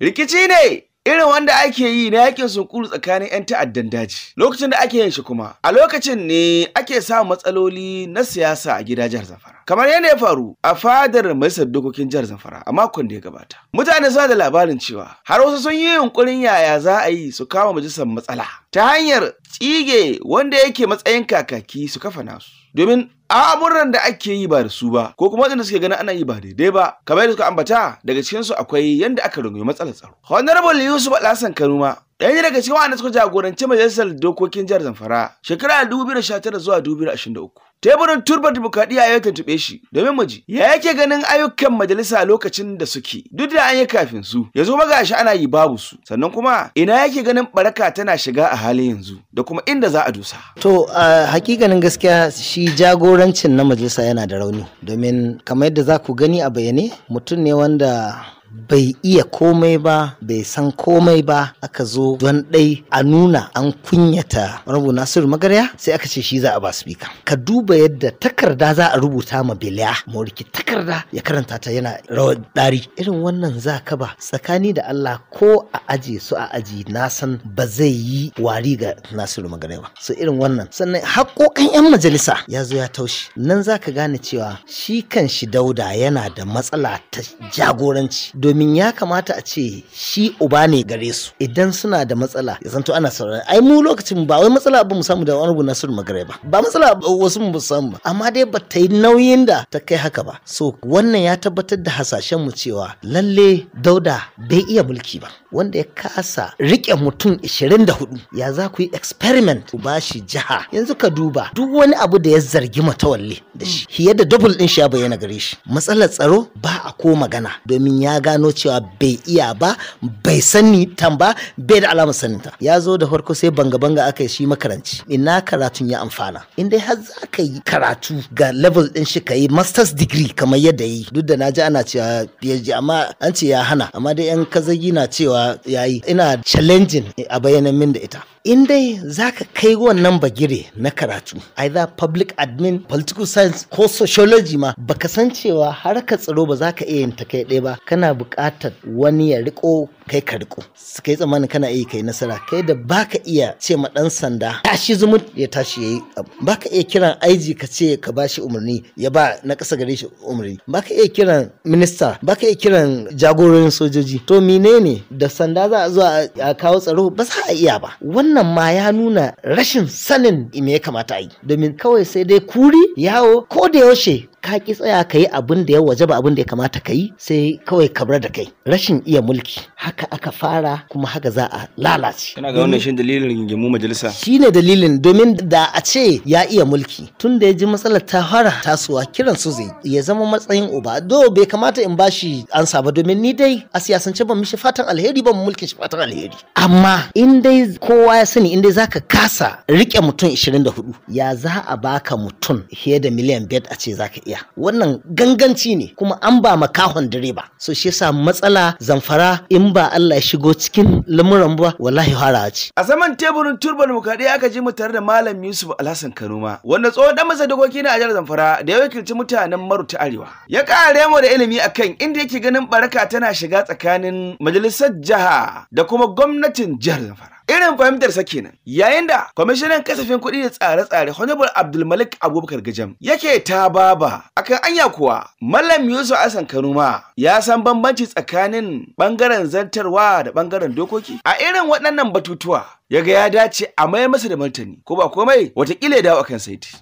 rikici ne irin wanda ake yi na yakin sunkuru tsakanin 'yan ta'addan daji lokacin da ake yin shi kuma a lokacin ne ake samun matsaloli na siyasa a gida jihar zamfara kamar yadda ya faru a fadar majalisar dokokin jihar zamfara a makon da ya gabata mutane suna da labarin cewa har wasu sun yi yunkurin yaya za a yi su kama majalisar matsala ta hanyar tsige wanda yake matsayin kakaki su kafa nasu domin al'amuran da ake yi ba da su ba ko kuma wanda suke ganin ana yi ba daidai ba kamar yadda suka ambata daga cikin su akwai yadda aka rungume matsalar tsaro honorable yusuf alhassan kanuma ɗaya daga cikin wanda suka jagoranci majalisar dokokin jihar zamfara shekara tara zuwa dubu biyu da da ashirin uku. teburin turbar dimokuraɗiyya ya tuntuɓe shi domin mu ji ya yake ganin ayyukan majalisa lokacin da suke duk da an yi kafin su ya zo magashi ana yi babu su sannan kuma ina yake ganin baraka tana shiga a halin yanzu da kuma inda za a dusa. to a hakikanin gaskiya shi jagorancin na majalisa yana da rauni domin kamar yadda za ku gani a bayyane mutum ne wanda bai iya komai ba bai san komai ba aka zo don ɗai a nuna an kunyata rabu nasiru magarya sai aka ce shi za a ba bika ka duba yadda takarda za a rubuta ma biliya moriki takarda ya karanta ta yana rawar ɗari irin wannan za ka ba tsakani da allah ko a aje su a aji na san ba zai yi wari ga nasiru magarya ba So irin wannan sannan haƙoƙin 'yan majalisa ya zo ya taushi. nan za ka gane cewa shi kan shi dauda yana da matsala ta jagoranci domin ya kamata a ce shi uba ne gare su idan suna da matsala ya zanto ana saurari ai mu lokacin ba wai matsala ba mu samu da wani nasiru magare ba ba matsala wasu mu ba amma dai ba ta yi nauyin da ta kai haka ba so wannan ya tabbatar da hasashen mu cewa lalle dauda bai iya mulki ba wanda ya kasa rike mutum 24 ya za ku yi experiment ku ba shi jiha yanzu ka duba duk wani abu da ya zargi matawalle da shi mm. fiye da double din shi ya bayyana gare shi matsalar tsaro ba a ko magana domin ya gano cewa bai iya ba bai sani tamba bai da alamar saninta ya zo da farko sai banga banga aka yi shi makaranci ina karatun ya amfana in dai har za ka yi karatu ga level din shi ka yi masters degree kamar yadda yi duk da na ji ana cewa PhD amma an ce ya hana amma dai yan kazagi na cewa yayi ina challenging a bayanan min da ita in dai za ka kai wannan bagire na karatu either public admin political science ko sociology ma baka san cewa harkar tsaro ba za ka iya yin ta kai ɗaya ba kana buƙatar wani ya riko kai ka riko kai tsammanin kana iya kai nasara kai da baka iya ce ma dan sanda tashi zumut ya tashi yayi baka iya kiran aiji ka ce ka bashi umarni ya ba na kasa gare shi umarni baka iya kiran minista baka iya kiran jagororin sojoji to menene da sanda za a zo a kawo tsaro ba za a iya ba wannan ma ya nuna rashin sanin me ya kamata yi domin kawai sai dai kuri yawo ko da yaushe ka ki tsaya ka yi abin da ya waje ba abin da ya kamata ka yi sai kawai kabra da kai rashin iya mulki haka aka fara kuma haka za a lalace kana ga wannan shin dalilin rigingimu majalisa shine dalilin domin da a ce ya iya mulki tun da ya ji matsalar ta fara tasowa kiran su zai ya zama matsayin uba do bai kamata in bashi an saba domin ni dai a siyasance ban mishi fatan alheri ban mulki shi fatan alheri amma in dai kowa ya sani in dai zaka kasa rike mutum 24 ya za a baka mutum fiye da miliyan biyar a ce zaka iya tafiya wannan ganganci ne kuma an ba makahon direba so shi yasa matsala zamfara in ba Allah ya shigo cikin lamuran ba wallahi fara ce a saman teburin turban mukadi aka ji mu tare da malam Yusuf Alhassan Kanuma wanda tsohon dan masa dokoki na jihar Zamfara da ya wakilci mutanen maruta Arewa ya kare mu da ilimi akan inda yake ganin baraka tana shiga tsakanin majalisar jiha da kuma gwamnatin jihar Zamfara irin fahimtar sa kenan yayin da kwamishinan kasafin kuɗi da tsare-tsare honorable abdulmalik abubakar gajam yake ta baba akan anya kuwa mallam yusuf asan kanuma ya san bambanci tsakanin bangaren zartarwa da bangaren dokoki a irin waɗannan batutuwa ya ga ya dace a mayar masa da martani ko ba komai watakila ya dawo akan saiti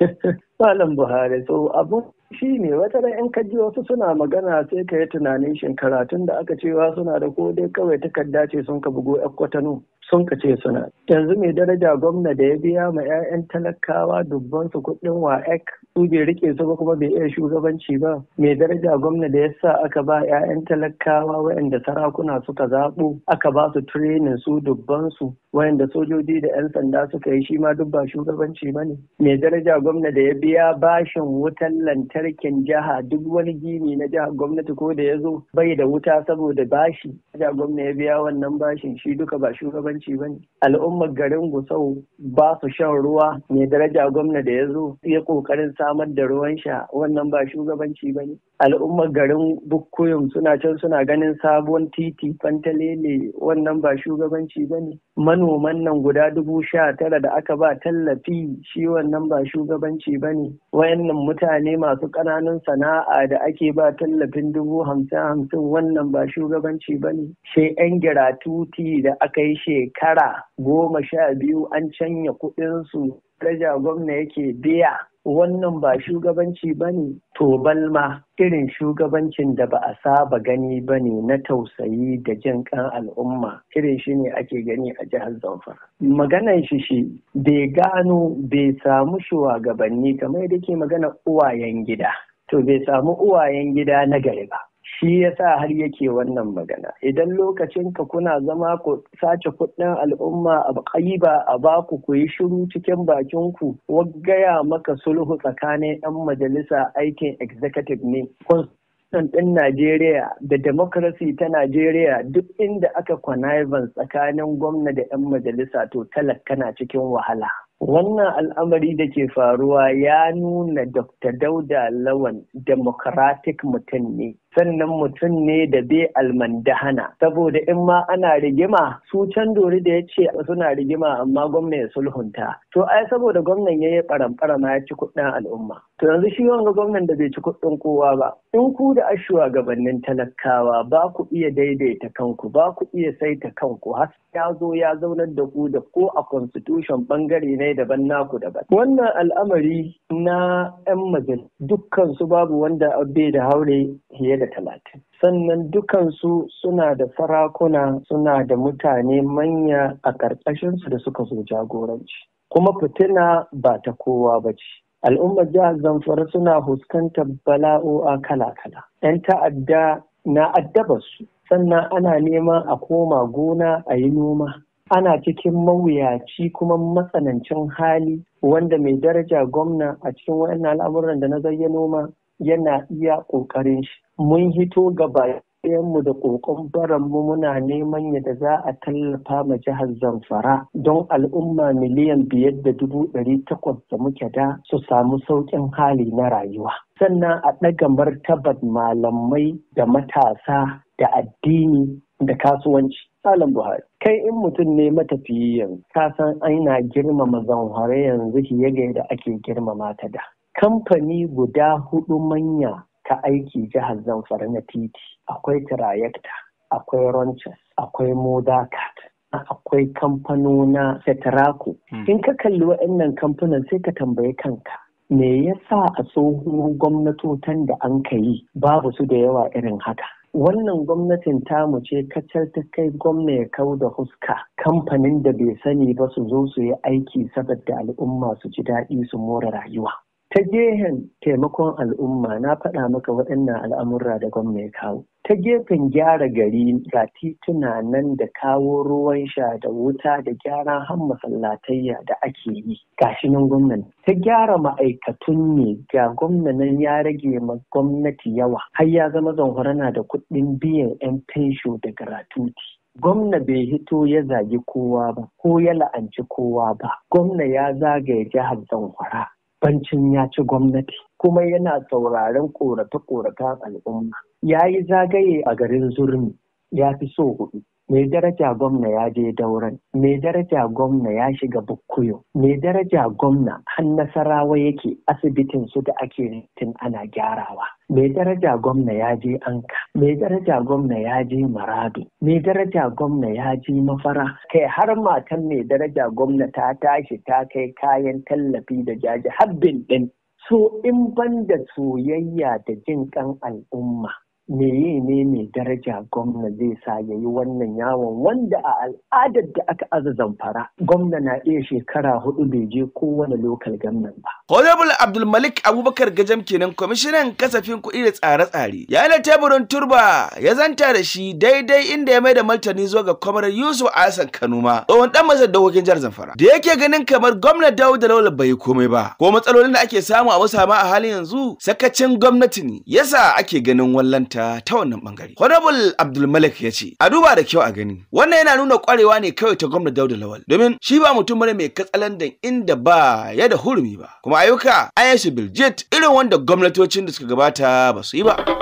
malam buhari so abu shi ne wata da in kaji wasu suna magana sai ka yi tunanin shin karatun da aka cewa suna da ko dai kawai takarda ce sun ka bugo yan kwatano sun ka ce suna yanzu mai daraja gwamna da ya biya ma 'ya'yan talakawa dubban su kuɗin wa'ek su bai rike su ba kuma bai iya shugabanci ba mai daraja gwamna da ya sa aka ba 'ya'yan talakawa waɗanda sarakuna suka zaɓo aka ba su tirenin su dubban su waɗanda sojoji da 'yan sanda suka yi shi ma duk ba shugabanci ba ne mai daraja gwamna da ya biya bashin wutan lantarkin jiha duk wani gini na jihar gwamnati ko da ya zo bai da wuta saboda bashi daraja gwamna ya biya wannan bashin shi duka ba shugabanci ba Al'ummar garin Gusau ba su shan ruwa mai daraja gwamna da ya zo ya kokarin samar da ruwan sha wannan ba shugabanci ba ne. Al'ummar garin bukkuyum suna can suna ganin sabon titi fantalele wannan ba shugabanci ba ne. manoman nan guda dubu sha tara da aka ba tallafi shi wannan ba shugabanci ba ne wayannan mutane masu ƙananan sana'a da ake ba tallafin dubu hamsin hamsin wannan ba shugabanci ba ne sai yan giratuti da aka yi shekara goma sha biyu an canya kuɗinsu daraja gwamna yake biya wannan ba shugabanci ba ne to balma irin shugabancin da ba a saba gani ba ne na tausayi da jin kan al'umma irin shi ne ake gani a jihar zamfara maganan shi shi bai gano bai samu shugabanni kamar da ke magana uwayen gida to bai samu uwayen gida na gari ba shi sa har yake wannan magana idan lokacin ka kuna zama ku sace kudin al'umma a ƙaiba a baku ku yi shiru cikin bakin ku waggaya maka sulhu tsakanin 'yan majalisa aikin executive ne kun ɗin Najeriya da democracy ta Najeriya duk inda aka connivance tsakanin gwamna da 'yan majalisa to talaka kana cikin wahala. Wannan al'amari da ke faruwa ya nuna Dr. Dauda Lawan democratic mutum ne. sannan mutum ne da bai almandahana saboda in ma ana rigima su can dori da ya ce suna rigima amma gwamna ya sulhunta to ai saboda gwamnan ya yi ma ya ci kuɗin al'umma to yanzu shi wanga gwamnan da bai ci kuɗin kowa ba in ku da a gabanin talakawa ba ku iya daidaita kanku ba ku iya saita kanku har ya zo ya zaunar da ku da ko a constitution bangare ne daban naku daban wannan al'amari na 'yan majalisa dukkan su babu wanda bai da haure da talatin sannan dukansu suna da farakuna suna da mutane manya a ƙarƙashinsu da suka zo jagoranci kuma fitina ba ta kowa ba ce al'ummar jihar zamfara suna fuskantar bala'o'a kala-kala 'yan ta'adda na addabarsu, sannan ana neman a koma gona a yi noma ana cikin mawuyaci kuma matsanancin hali wanda mai daraja gwamna a cikin waɗannan al'amuran da na zayyano ma yana iya ƙoƙarin shi mun hito gaba mu da ƙoƙon baranmu muna neman yadda za a tallafa ma jihar zamfara don al'umma miliyan biyar da dubu ɗari takwas da muke da su samu sauƙin hali na rayuwa sannan a ɗaga martabar malamai da matasa da addini da kasuwanci Salam Buhari. Kai in mutum ne matafiyi ka san aina girmama zanhare yanzu fiye ga yadda ake girmama ta da. Kamfani guda hudu manya ta aiki jihar Zamfara na titi akwai Trayecta, akwai Ronches, akwai Modakat, akwai kamfanona Setraco. Hmm. In ka kalli waɗannan kamfanin sai ka tambayi kanka. Me yasa a tsohon gwamnatotan da an ka yi babu su da yawa irin haka? Wannan gwamnatin tamu ce kacal ta kai gwamna ya kau da huska kamfanin da bai sani ba su zo su yi aiki saboda al'umma su ji daɗi su more rayuwa. ta gehen taimakon al'umma na faɗa maka waɗannan al'amurra da gwamnati ya kawo ta gefen gyara gari ga tituna nan da kawo ruwan sha da wuta da gyara han masallatayya da ake yi gashi nan gwamnati ta gyara ma'aikatun ne ga gwamnanin ya rage ma gwamnati yawa har ya zama zanhorana da kuɗin biyan 'yan fensho da gratuity gwamna bai hito ya zagi kowa ba ko ya la'anci kowa ba gwamna ya zagaya jihar zamfara bancin ya ci gwamnati kuma yana tsauraran korata-korata al'umma ya yi zagaye a garin zurmi ya fi so hudu mai daraja gwamna ya je dauran mai daraja gwamna ya shiga bukkuyo mai daraja gwamna har nasarawa yake asibitin su da ake tun ana gyarawa mai daraja gwamna ya je anka mai daraja gwamna ya je maradu mai daraja gwamna ya je mafara kai har matan mai daraja gwamna ta tashi ta kai kayan tallafi da jaji bin din so in banda soyayya da jin kan al'umma meye ne mai daraja gwamna zai sa ya yi wannan yawon wanda a al'adar da aka aza zamfara gwamna na iya shekara hudu bai je kowane lokal gamnan ba. Honorable Abdulmalik Abubakar Gajam kenan kwamishinan kasafin kuɗi da tsare-tsare. Ya na teburin turba ya zanta da shi daidai inda ya mai da martani zuwa ga kwamarar Yusuf Asan Kanuma tsohon dan masar dokokin jar Zamfara. Da yake ganin kamar gwamna Dawud Lawal bai komai ba ko matsalolin da ake samu a musama a halin yanzu sakacin gwamnati ne yasa ake ganin wallanta. ta ta wannan bangare. Honorable Abdulmalik ya ce, a duba da kyau a gani. Wannan yana nuna kwarewa ne kawai ta gwamnati Dauda Lawal, domin shi ba mutum bane mai katsalandan inda ba ya da hurumi ba. Kuma ayyuka, su Biljit irin wanda gwamnatocin da suka gabata ba su yi ba.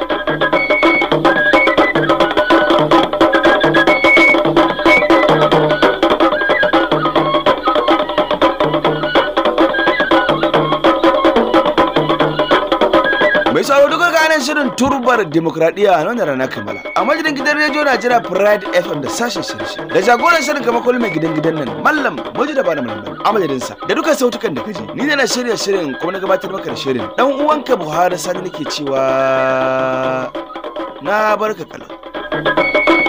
shirin turbar demokradiyya nan rana kamala a majalin gidan rediyo najeriya pride fm da sashen shirshi da jagoran shirin kama kullum mai gidan gidan nan mallam muji da bani mallam a sa da dukkan sautukan da kaji ni ne na shirya shirin kuma na gabatar maka da shirin dan uwanka buhari sani nake cewa na barka kalau